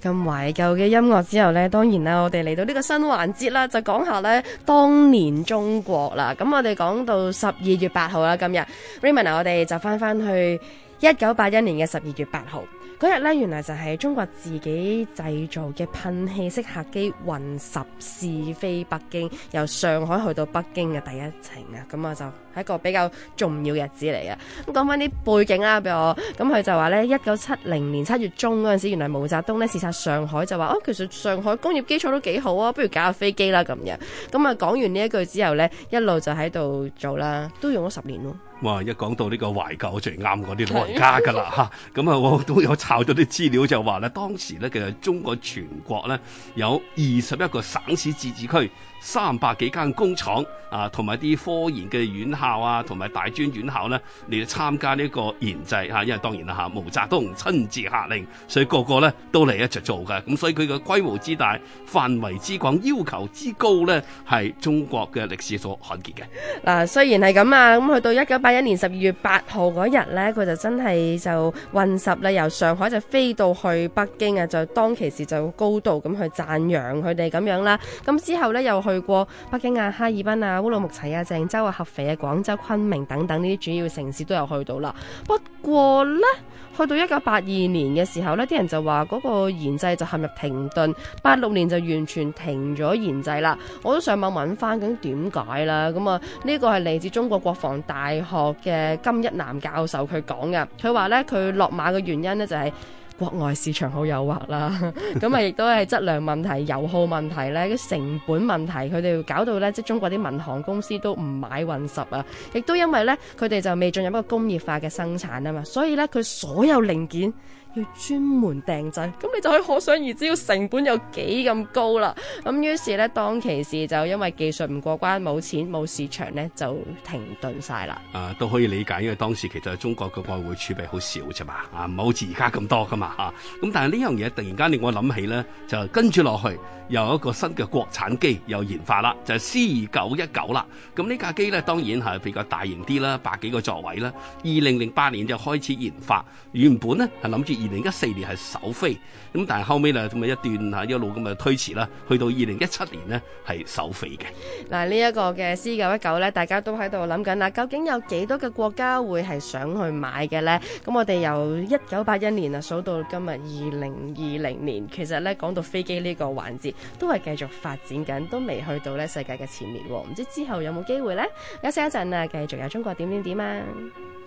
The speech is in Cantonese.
咁懷舊嘅音樂之後呢，當然啦，我哋嚟到呢個新環節啦，就講下呢當年中國啦。咁我哋講到十二月八號啦，今日 Raymond 啊，我哋就翻翻去一九八一年嘅十二月八號。嗰日咧，原來就係中國自己製造嘅噴氣式客機運十試飛北京，由上海去到北京嘅第一程啊！咁啊，就係一個比較重要嘅日子嚟嘅。咁講翻啲背景啦，俾我咁佢就話咧，一九七零年七月中嗰陣時，原來毛澤東呢視察上海就話：哦、啊，其實上海工業基礎都幾好啊，不如搞下飛機啦咁樣。咁啊，講完呢一句之後呢，一路就喺度做啦，都用咗十年咯。哇！一講到呢個懷舊，最啱嗰啲老人家㗎啦嚇。咁 啊，我都有。爆咗啲資料就話咧，當時咧其實中國全國咧有二十一個省市自治區。三百幾間工廠啊，同埋啲科研嘅院校啊，同埋大專院校呢嚟參加呢個研製嚇、啊，因為當然啦嚇、啊，毛澤東親自下令，所以個個呢都嚟一齊做嘅。咁、啊、所以佢嘅規模之大、範圍之廣、要求之高呢，係中國嘅歷史所罕見嘅。嗱、啊，雖然係咁啊，咁、嗯、去到一九八一年十二月八號嗰日呢，佢就真係就運十啦，由上海就飛到去北京啊，就當其時就高度咁去讚揚佢哋咁樣啦。咁、啊、之後呢，又去。去過北京啊、哈爾濱啊、烏魯木齊啊、鄭州啊、合肥啊、廣州、昆明等等呢啲主要城市都有去到啦。不過呢，去到一九八二年嘅時候呢啲人就話嗰個研製就陷入停頓，八六年就完全停咗研製啦。我都上網揾翻究竟點解啦。咁啊，呢、呢個係嚟自中國國防大學嘅金一南教授佢講嘅。佢話呢，佢落馬嘅原因呢就係、係。國外市場好誘惑啦，咁啊亦都係質量問題、油耗問題咧、啲成本問題，佢哋搞到咧，即係中國啲民航公司都唔買運十啊，亦都因為咧，佢哋就未進入一個工業化嘅生產啊嘛，所以咧，佢所有零件，要專門訂製，咁你就可以可想而知，要成本有幾咁高啦。咁於是呢，當其時就因為技術唔過關，冇錢冇市場呢，就停頓晒啦。誒、啊，都可以理解，因為當時其實中國嘅外匯儲備好少啫嘛，啊，唔係好似而家咁多噶嘛，吓。咁但係呢樣嘢突然間令我諗起呢，就跟住落去又有一個新嘅國產機又研發啦，就係、是、C 九一九啦。咁呢架機呢，當然係比較大型啲啦，百幾個座位啦。二零零八年就開始研發，原本呢，係諗住。二零一四年係首飛，咁但係後尾，咧咁一段啊一路咁啊推遲啦，去到二零一七年咧係首飛嘅。嗱呢一個嘅 C 九一九咧，大家都喺度諗緊啦，究竟有幾多個國家會係想去買嘅呢？咁我哋由一九八一年啊數到今日二零二零年，其實咧講到飛機呢個環節都係繼續發展緊，都未去到咧世界嘅前列。唔知之後有冇機會呢？休息一陣啊，繼續有中國點點點啊！怎麼怎麼怎麼